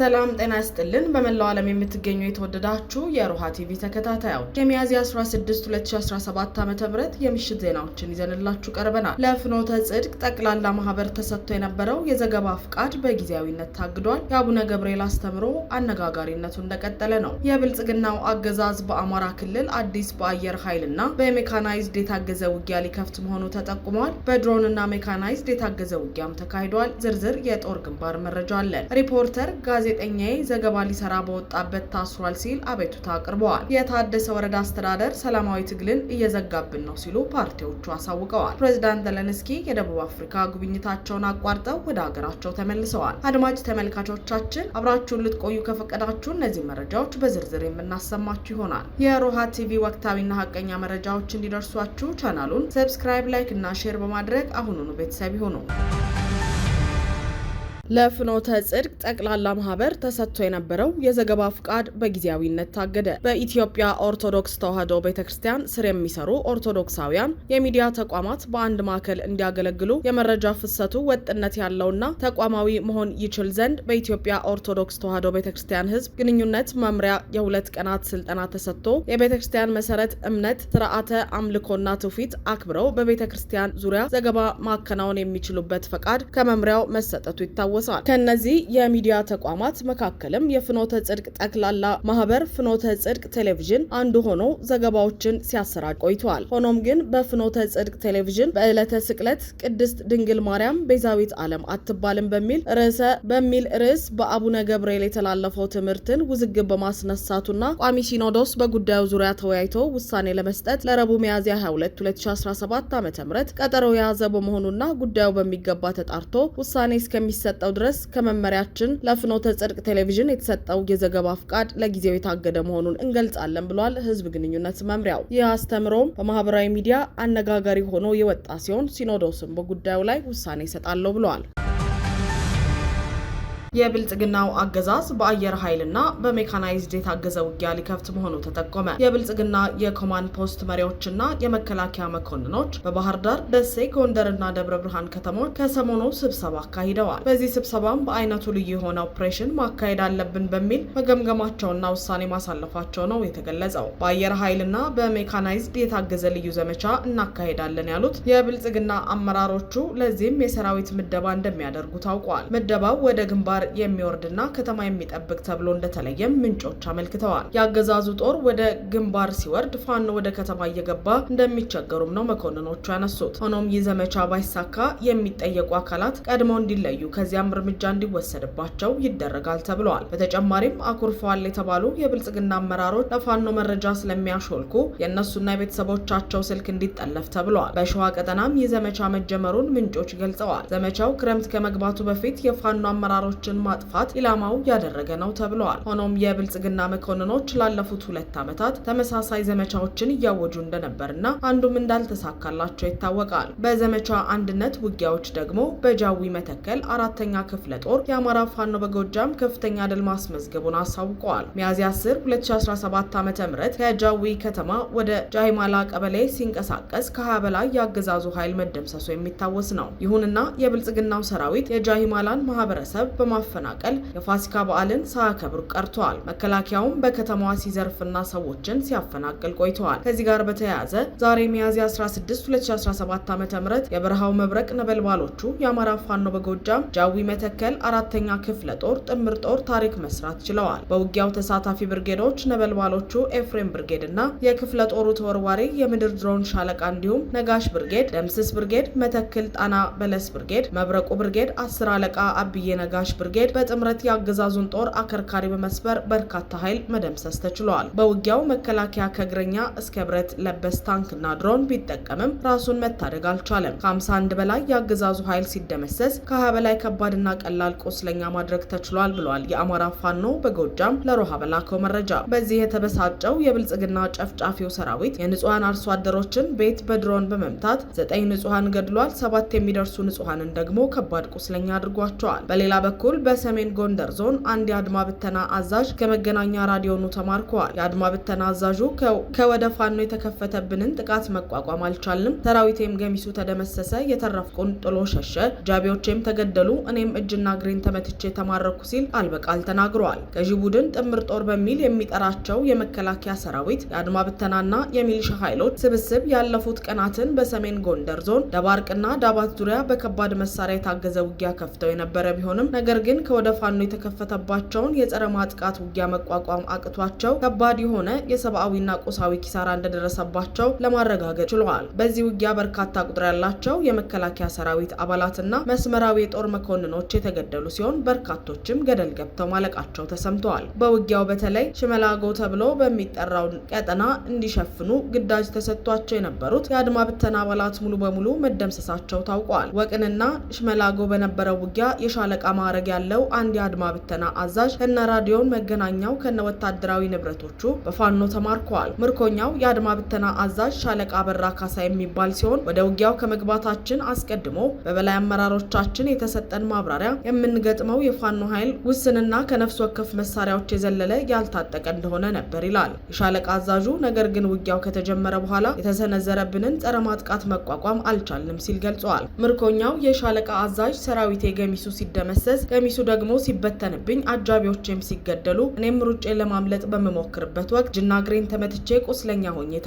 ሰላም ጤና ይስጥልን። በመላው ዓለም የምትገኙ የተወደዳችሁ የሮሃ ቲቪ ተከታታዮች የሚያዝያ 16 2017 ዓ ም የምሽት ዜናዎችን ይዘንላችሁ ቀርበናል። ለፍኖተ ጽድቅ ጠቅላላ ማህበር ተሰጥቶ የነበረው የዘገባ ፍቃድ በጊዜያዊነት ታግዷል። የአቡነ ገብርኤል አስተምሮ አነጋጋሪነቱ እንደቀጠለ ነው። የብልጽግናው አገዛዝ በአማራ ክልል አዲስ በአየር ኃይልና በሜካናይዝድ የታገዘ ውጊያ ሊከፍት መሆኑ ተጠቁሟል። በድሮንና ሜካናይዝድ የታገዘ ውጊያም ተካሂዷል። ዝርዝር የጦር ግንባር መረጃ አለን። ሪፖርተር ጋዜ ጋዜጠኛዬ ዘገባ ሊሰራ በወጣበት ታስሯል ሲል አቤቱታ አቅርበዋል። የታደሰ ወረዳ አስተዳደር ሰላማዊ ትግልን እየዘጋብን ነው ሲሉ ፓርቲዎቹ አሳውቀዋል። ፕሬዚዳንት ዘለንስኪ የደቡብ አፍሪካ ጉብኝታቸውን አቋርጠው ወደ ሀገራቸው ተመልሰዋል። አድማጭ ተመልካቾቻችን አብራችሁን ልትቆዩ ከፈቀዳችሁ እነዚህ መረጃዎች በዝርዝር የምናሰማችሁ ይሆናል። የሮሃ ቲቪ ወቅታዊና ሀቀኛ መረጃዎች እንዲደርሷችሁ ቻናሉን ሰብስክራይብ፣ ላይክ እና ሼር በማድረግ አሁኑኑ ቤተሰብ ይሁኑ። ለፍኖተ ጽድቅ ጠቅላላ ማህበር ተሰጥቶ የነበረው የዘገባ ፍቃድ በጊዜያዊነት ታገደ። በኢትዮጵያ ኦርቶዶክስ ተዋሕዶ ቤተ ክርስቲያን ስር የሚሰሩ ኦርቶዶክሳውያን የሚዲያ ተቋማት በአንድ ማዕከል እንዲያገለግሉ የመረጃ ፍሰቱ ወጥነት ያለውና ተቋማዊ መሆን ይችል ዘንድ በኢትዮጵያ ኦርቶዶክስ ተዋሕዶ ቤተ ክርስቲያን ሕዝብ ግንኙነት መምሪያ የሁለት ቀናት ስልጠና ተሰጥቶ የቤተ ክርስቲያን መሰረት እምነት፣ ስርዓተ አምልኮና ትውፊት አክብረው በቤተ ክርስቲያን ዙሪያ ዘገባ ማከናወን የሚችሉበት ፈቃድ ከመምሪያው መሰጠቱ ይታወሳል። ይታወሳል። ከእነዚህ የሚዲያ ተቋማት መካከልም የፍኖተ ጽድቅ ጠቅላላ ማህበር ፍኖተ ጽድቅ ቴሌቪዥን አንዱ ሆኖ ዘገባዎችን ሲያሰራጭ ቆይቷል። ሆኖም ግን በፍኖተ ጽድቅ ቴሌቪዥን በዕለተ ስቅለት ቅድስት ድንግል ማርያም ቤዛዊት ዓለም አትባልም በሚል ርዕሰ በሚል ርዕስ በአቡነ ገብርኤል የተላለፈው ትምህርትን ውዝግብ በማስነሳቱና ቋሚ ሲኖዶስ በጉዳዩ ዙሪያ ተወያይቶ ውሳኔ ለመስጠት ለረቡዕ ሚያዝያ 22 2017 ዓ ም ቀጠሮ የያዘ በመሆኑና ጉዳዩ በሚገባ ተጣርቶ ውሳኔ እስከሚሰጠው እስከሚወጣው ድረስ ከመመሪያችን ለፍኖተ ጽድቅ ቴሌቪዥን የተሰጠው የዘገባ ፍቃድ ለጊዜው የታገደ መሆኑን እንገልጻለን ብሏል ህዝብ ግንኙነት መምሪያው። ይህ አስተምሮም በማህበራዊ ሚዲያ አነጋጋሪ ሆኖ የወጣ ሲሆን ሲኖዶስም በጉዳዩ ላይ ውሳኔ ይሰጣለሁ ብለዋል። የብልጽግናው አገዛዝ በአየር ኃይልና በሜካናይዝድ የታገዘ ውጊያ ሊከፍት መሆኑ ተጠቆመ። የብልጽግና የኮማንድ ፖስት መሪዎችና የመከላከያ መኮንኖች በባህር ዳር፣ ደሴ፣ ጎንደርና ደብረ ብርሃን ከተሞች ከሰሞኑ ስብሰባ አካሂደዋል። በዚህ ስብሰባም በአይነቱ ልዩ የሆነ ኦፕሬሽን ማካሄድ አለብን በሚል መገምገማቸውና ውሳኔ ማሳለፋቸው ነው የተገለጸው። በአየር ኃይልና በሜካናይዝድ የታገዘ ልዩ ዘመቻ እናካሄዳለን ያሉት የብልጽግና አመራሮቹ ለዚህም የሰራዊት ምደባ እንደሚያደርጉ ታውቋል። ምደባው ወደ ግንባር ዳር የሚወርድና ከተማ የሚጠብቅ ተብሎ እንደተለየም ምንጮች አመልክተዋል። የአገዛዙ ጦር ወደ ግንባር ሲወርድ ፋኖ ወደ ከተማ እየገባ እንደሚቸገሩም ነው መኮንኖቹ ያነሱት። ሆኖም ይህ ዘመቻ ባይሳካ የሚጠየቁ አካላት ቀድመው እንዲለዩ ከዚያም እርምጃ እንዲወሰድባቸው ይደረጋል ተብለዋል። በተጨማሪም አኩርፈዋል የተባሉ የብልጽግና አመራሮች ለፋኖ መረጃ ስለሚያሾልኩ የእነሱና የቤተሰቦቻቸው ስልክ እንዲጠለፍ ተብለዋል። በሸዋ ቀጠናም ይህ ዘመቻ መጀመሩን ምንጮች ገልጸዋል። ዘመቻው ክረምት ከመግባቱ በፊት የፋኖ አመራሮች ዜጎችን ማጥፋት ኢላማው ያደረገ ነው ተብለዋል። ሆኖም የብልጽግና መኮንኖች ላለፉት ሁለት ዓመታት ተመሳሳይ ዘመቻዎችን እያወጁ እንደነበርና አንዱም እንዳልተሳካላቸው ይታወቃል። በዘመቻ አንድነት ውጊያዎች ደግሞ በጃዊ መተከል አራተኛ ክፍለ ጦር የአማራ ፋኖ በጎጃም ከፍተኛ ድል ማስመዝገቡን አሳውቀዋል። ሚያዝያ 10 2017 ዓ ም ከጃዊ ከተማ ወደ ጃይማላ ቀበሌ ሲንቀሳቀስ ከ20 በላይ የአገዛዙ ኃይል መደምሰሱ የሚታወስ ነው። ይሁንና የብልጽግናው ሰራዊት የጃይማላን ማህበረሰብ በማ በማፈናቀል የፋሲካ በዓልን ሳያከብር ቀርቷል። መከላከያውም በከተማዋ ሲዘርፍና ሰዎችን ሲያፈናቅል ቆይተዋል። ከዚህ ጋር በተያያዘ ዛሬ ሚያዝያ 16 2017 ዓ.ም የበረሃው መብረቅ ነበልባሎቹ የአማራ ፋኖ በጎጃም ጃዊ መተከል አራተኛ ክፍለ ጦር ጥምር ጦር ታሪክ መስራት ችለዋል። በውጊያው ተሳታፊ ብርጌዶች ነበልባሎቹ ኤፍሬም ብርጌድ እና የክፍለ ጦሩ ተወርዋሪ የምድር ድሮን ሻለቃ እንዲሁም ነጋሽ ብርጌድ፣ ደምስስ ብርጌድ፣ መተክል ጣና በለስ ብርጌድ፣ መብረቁ ብርጌድ፣ አስር አለቃ አብዬ ነጋሽ ብርጌድ ብርጌድ በጥምረት የአገዛዙን ጦር አከርካሪ በመስበር በርካታ ኃይል መደምሰስ ተችሏል። በውጊያው መከላከያ ከእግረኛ እስከ ብረት ለበስ ታንክና ድሮን ቢጠቀምም ራሱን መታደግ አልቻለም። ከ51 በላይ የአገዛዙ ኃይል ሲደመሰስ ከ20 በላይ ከባድና ቀላል ቁስለኛ ማድረግ ተችሏል ብሏል የአማራ ፋኖ በጎጃም ለሮሃ በላከው መረጃ። በዚህ የተበሳጨው የብልጽግና ጨፍጫፊው ሰራዊት የንጹሐን አርሶ አደሮችን ቤት በድሮን በመምታት ዘጠኝ ንጹሐን ገድሏል። ሰባት የሚደርሱ ንጹሐንን ደግሞ ከባድ ቁስለኛ አድርጓቸዋል። በሌላ በኩል በሰሜን ጎንደር ዞን አንድ የአድማ ብተና አዛዥ ከመገናኛ ራዲዮኑ ተማርከዋል። የአድማ ብተና አዛዡ ከወደ ፋኖ የተከፈተብንን ጥቃት መቋቋም አልቻልንም፣ ሰራዊቴም ገሚሱ ተደመሰሰ፣ የተረፍቁን ጥሎ ሸሸ፣ ጃቢዎቼም ተገደሉ፣ እኔም እጅና እግሬን ተመትቼ ተማረኩ ሲል አልበቃል ተናግረዋል። ገዢ ቡድን ጥምር ጦር በሚል የሚጠራቸው የመከላከያ ሰራዊት የአድማ ብተናና የሚሊሻ ኃይሎች ስብስብ ያለፉት ቀናትን በሰሜን ጎንደር ዞን ደባርቅና ዳባት ዙሪያ በከባድ መሳሪያ የታገዘ ውጊያ ከፍተው የነበረ ቢሆንም ነገር ግን ግን ከወደ ፋኖ የተከፈተባቸውን የጸረ ማጥቃት ውጊያ መቋቋም አቅቷቸው ከባድ የሆነ የሰብአዊና ቁሳዊ ኪሳራ እንደደረሰባቸው ለማረጋገጥ ችለዋል። በዚህ ውጊያ በርካታ ቁጥር ያላቸው የመከላከያ ሰራዊት አባላትና መስመራዊ የጦር መኮንኖች የተገደሉ ሲሆን በርካቶችም ገደል ገብተው ማለቃቸው ተሰምተዋል። በውጊያው በተለይ ሽመላጎ ተብሎ በሚጠራው ቀጠና እንዲሸፍኑ ግዳጅ ተሰጥቷቸው የነበሩት የአድማ ብተና አባላት ሙሉ በሙሉ መደምሰሳቸው ታውቋል። ወቅንና ሽመላጎ በነበረው ውጊያ የሻለቃ ማዕረግ ያለው አንድ የአድማ ብተና አዛዥ ከነ ራዲዮን መገናኛው ከነ ወታደራዊ ንብረቶቹ በፋኖ ተማርከዋል። ምርኮኛው የአድማ ብተና አዛዥ ሻለቃ በራ ካሳ የሚባል ሲሆን ወደ ውጊያው ከመግባታችን አስቀድሞ በበላይ አመራሮቻችን የተሰጠን ማብራሪያ የምንገጥመው የፋኖ ኃይል ውስንና ከነፍስ ወከፍ መሳሪያዎች የዘለለ ያልታጠቀ እንደሆነ ነበር ይላል የሻለቃ አዛዡ። ነገር ግን ውጊያው ከተጀመረ በኋላ የተሰነዘረብንን ጸረ ማጥቃት መቋቋም አልቻልንም ሲል ገልጸዋል። ምርኮኛው የሻለቃ አዛዥ ሰራዊቴ ገሚሱ ሲደመሰስ ቀሚሱ ደግሞ ሲበተንብኝ አጃቢዎቼም ሲገደሉ እኔም ሩጬ ለማምለጥ በምሞክርበት ወቅት ጅና ግሬን ተመትቼ ቁስለኛ ሆኜ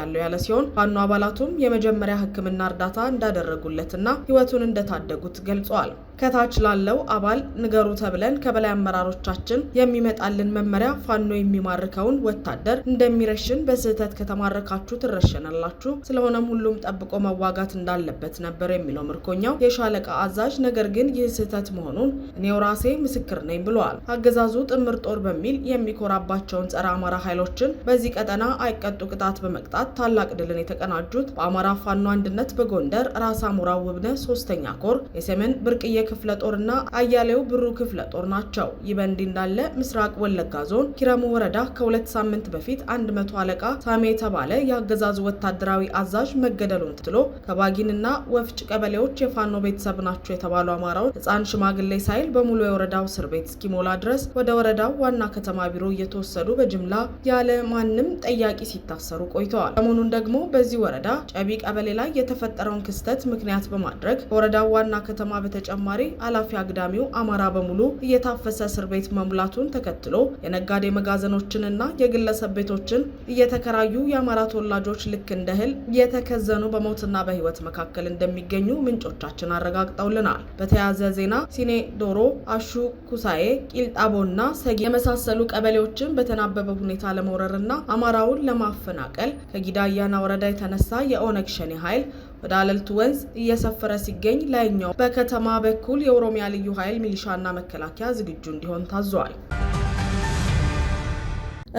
ያለው ያለ ሲሆን ፋኖ አባላቱም የመጀመሪያ ሕክምና እርዳታ እንዳደረጉለትና ህይወቱን እንደታደጉት ገልጸዋል። ከታች ላለው አባል ንገሩ ተብለን ከበላይ አመራሮቻችን የሚመጣልን መመሪያ ፋኖ የሚማርከውን ወታደር እንደሚረሽን በስህተት ከተማረካችሁ ትረሸናላችሁ። ስለሆነም ሁሉም ጠብቆ መዋጋት እንዳለበት ነበር የሚለው ምርኮኛው የሻለቃ አዛዥ። ነገር ግን ይህ ስህተት መሆኑን እኔው ራሴ ምስክር ነኝ ብለዋል። አገዛዙ ጥምር ጦር በሚል የሚኮራባቸውን ጸረ አማራ ኃይሎችን በዚህ ቀጠና አይቀጡ ቅጣት በመቅጣት ታላቅ ድልን የተቀናጁት በአማራ ፋኖ አንድነት በጎንደር ራስ አሞራ ውብነ ሶስተኛ ኮር የሰሜን ብርቅዬ ክፍለ ጦርና አያሌው ብሩ ክፍለ ጦር ናቸው። ይህ በእንዲህ እንዳለ ምስራቅ ወለጋ ዞን ኪረሙ ወረዳ ከሁለት ሳምንት በፊት አንድ መቶ አለቃ ሳሜ የተባለ የአገዛዙ ወታደራዊ አዛዥ መገደሉን ትሎ፣ ከባጊንና ወፍጭ ቀበሌዎች የፋኖ ቤተሰብ ናቸው የተባሉ አማራዎች ሕፃን ሽማግሌ ሳይል በሙሉ የወረዳው እስር ቤት እስኪሞላ ድረስ ወደ ወረዳው ዋና ከተማ ቢሮ እየተወሰዱ በጅምላ ያለ ማንም ጠያቂ ሲታሰሩ ቆይተዋል። ሰሞኑን ደግሞ በዚህ ወረዳ ጨቢ ቀበሌ ላይ የተፈጠረውን ክስተት ምክንያት በማድረግ ከወረዳው ዋና ከተማ በተጨማ በተጨማሪ አላፊ አግዳሚው አማራ በሙሉ እየታፈሰ እስር ቤት መሙላቱን ተከትሎ የነጋዴ መጋዘኖችንና የግለሰብ ቤቶችን እየተከራዩ የአማራ ተወላጆች ልክ እንደ እህል እየተከዘኑ በሞትና በህይወት መካከል እንደሚገኙ ምንጮቻችን አረጋግጠውልናል። በተያያዘ ዜና ሲኔ ዶሮ፣ አሹ ኩሳኤ፣ ቂልጣቦና ሰጊ የመሳሰሉ ቀበሌዎችን በተናበበ ሁኔታ ለመውረርና አማራውን ለማፈናቀል ከጊዳ አያና ወረዳ የተነሳ የኦነግ ሸኔ ኃይል ወደ አለልቱ ወንዝ እየሰፈረ ሲገኝ ላይኛው በከተማ በኩል የኦሮሚያ ልዩ ኃይል ሚሊሻና መከላከያ ዝግጁ እንዲሆን ታዘዋል።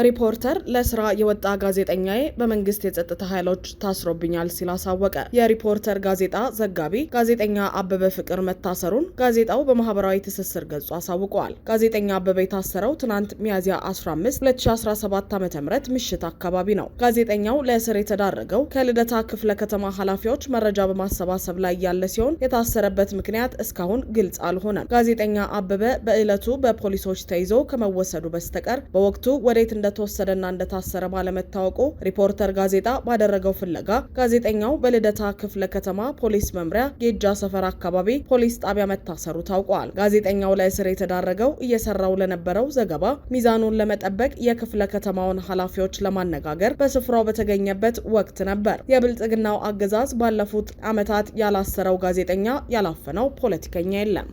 ሪፖርተር ለስራ የወጣ ጋዜጠኛዬ በመንግስት የጸጥታ ኃይሎች ታስሮብኛል ሲል አሳወቀ። የሪፖርተር ጋዜጣ ዘጋቢ ጋዜጠኛ አበበ ፍቅር መታሰሩን ጋዜጣው በማህበራዊ ትስስር ገጹ አሳውቀዋል። ጋዜጠኛ አበበ የታሰረው ትናንት ሚያዝያ 15 2017 ዓ ም ምሽት አካባቢ ነው። ጋዜጠኛው ለእስር የተዳረገው ከልደታ ክፍለ ከተማ ኃላፊዎች መረጃ በማሰባሰብ ላይ ያለ ሲሆን የታሰረበት ምክንያት እስካሁን ግልጽ አልሆነም። ጋዜጠኛ አበበ በዕለቱ በፖሊሶች ተይዞ ከመወሰዱ በስተቀር በወቅቱ ወዴት እንደተወሰደና እንደታሰረ ባለመታወቁ ሪፖርተር ጋዜጣ ባደረገው ፍለጋ ጋዜጠኛው በልደታ ክፍለ ከተማ ፖሊስ መምሪያ ጌጃ ሰፈር አካባቢ ፖሊስ ጣቢያ መታሰሩ ታውቋል። ጋዜጠኛው ለእስር የተዳረገው እየሰራው ለነበረው ዘገባ ሚዛኑን ለመጠበቅ የክፍለ ከተማውን ኃላፊዎች ለማነጋገር በስፍራው በተገኘበት ወቅት ነበር። የብልጽግናው አገዛዝ ባለፉት ዓመታት ያላሰረው ጋዜጠኛ ያላፈነው ፖለቲከኛ የለም።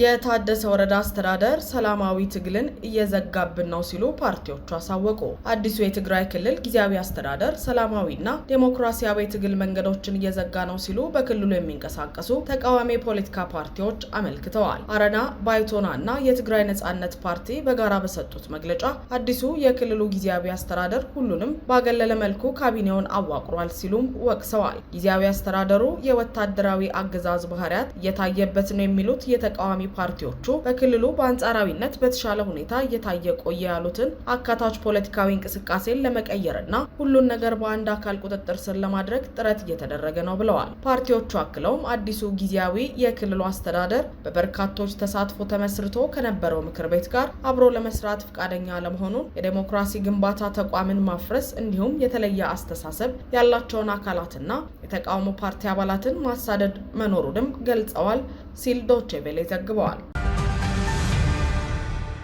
የታደሰ ወረዳ አስተዳደር ሰላማዊ ትግልን እየዘጋብን ነው ሲሉ ፓርቲዎቹ አሳወቁ። አዲሱ የትግራይ ክልል ጊዜያዊ አስተዳደር ሰላማዊና ዴሞክራሲያዊ ትግል መንገዶችን እየዘጋ ነው ሲሉ በክልሉ የሚንቀሳቀሱ ተቃዋሚ ፖለቲካ ፓርቲዎች አመልክተዋል። አረና፣ ባይቶና እና የትግራይ ነጻነት ፓርቲ በጋራ በሰጡት መግለጫ አዲሱ የክልሉ ጊዜያዊ አስተዳደር ሁሉንም ባገለለ መልኩ ካቢኔውን አዋቅሯል ሲሉም ወቅሰዋል። ጊዜያዊ አስተዳደሩ የወታደራዊ አገዛዝ ባህሪያት እየታየበት ነው የሚሉት የተቃዋሚ ተቃዋሚ ፓርቲዎቹ በክልሉ በአንጻራዊነት በተሻለ ሁኔታ እየታየ ቆየ ያሉትን አካታች ፖለቲካዊ እንቅስቃሴን ለመቀየርና ሁሉን ነገር በአንድ አካል ቁጥጥር ስር ለማድረግ ጥረት እየተደረገ ነው ብለዋል። ፓርቲዎቹ አክለውም አዲሱ ጊዜያዊ የክልሉ አስተዳደር በበርካቶች ተሳትፎ ተመስርቶ ከነበረው ምክር ቤት ጋር አብሮ ለመስራት ፈቃደኛ ለመሆኑን የዴሞክራሲ ግንባታ ተቋምን ማፍረስ እንዲሁም የተለየ አስተሳሰብ ያላቸውን አካላትና የተቃውሞ ፓርቲ አባላትን ማሳደድ መኖሩንም ገልጸዋል። ሲል ዶቼ ቬሌ ዘግበዋል።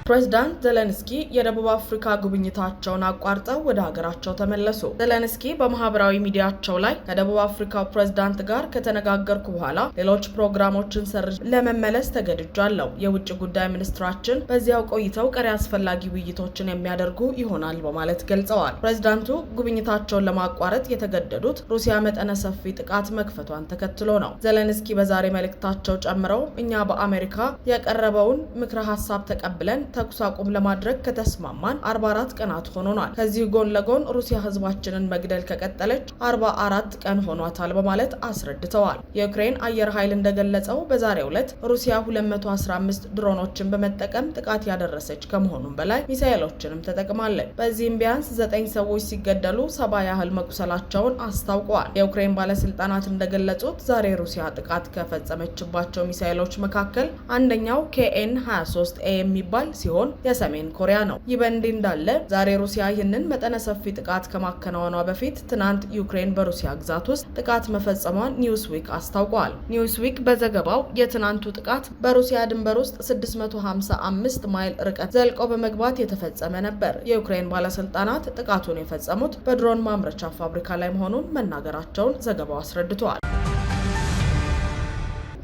ፕሬዚዳንት ዘለንስኪ የደቡብ አፍሪካ ጉብኝታቸውን አቋርጠው ወደ ሀገራቸው ተመለሱ። ዘለንስኪ በማህበራዊ ሚዲያቸው ላይ ከደቡብ አፍሪካው ፕሬዚዳንት ጋር ከተነጋገርኩ በኋላ ሌሎች ፕሮግራሞችን ሰርዤ ለመመለስ ተገድጃለሁ። የውጭ ጉዳይ ሚኒስትራችን በዚያው ቆይተው ቀሪ አስፈላጊ ውይይቶችን የሚያደርጉ ይሆናል በማለት ገልጸዋል። ፕሬዚዳንቱ ጉብኝታቸውን ለማቋረጥ የተገደዱት ሩሲያ መጠነ ሰፊ ጥቃት መክፈቷን ተከትሎ ነው። ዘለንስኪ በዛሬ መልእክታቸው ጨምረው እኛ በአሜሪካ የቀረበውን ምክረ ሀሳብ ተቀብለን ተኩስ አቁም ለማድረግ ከተስማማን 44 ቀናት ሆኖናል። ከዚህ ጎን ለጎን ሩሲያ ህዝባችንን መግደል ከቀጠለች 44 ቀን ሆኗታል በማለት አስረድተዋል። የዩክሬን አየር ኃይል እንደገለጸው በዛሬው ዕለት ሩሲያ 215 ድሮኖችን በመጠቀም ጥቃት ያደረሰች ከመሆኑም በላይ ሚሳኤሎችንም ተጠቅማለች። በዚህም ቢያንስ ዘጠኝ ሰዎች ሲገደሉ ሰባ ያህል መቁሰላቸውን አስታውቀዋል። የዩክሬን ባለስልጣናት እንደገለጹት ዛሬ ሩሲያ ጥቃት ከፈጸመችባቸው ሚሳኤሎች መካከል አንደኛው ኬኤን 23 ኤ የሚባል ሲ ሲሆን የሰሜን ኮሪያ ነው። ይህ በእንዲህ እንዳለ ዛሬ ሩሲያ ይህንን መጠነ ሰፊ ጥቃት ከማከናወኗ በፊት ትናንት ዩክሬን በሩሲያ ግዛት ውስጥ ጥቃት መፈጸሟን ኒውስ ዊክ አስታውቋል። ዊክ በዘገባው የትናንቱ ጥቃት በሩሲያ ድንበር ውስጥ 655 ማይል ርቀት ዘልቆ በመግባት የተፈጸመ ነበር። የዩክሬን ባለስልጣናት ጥቃቱን የፈጸሙት በድሮን ማምረቻ ፋብሪካ ላይ መሆኑን መናገራቸውን ዘገባው አስረድተዋል።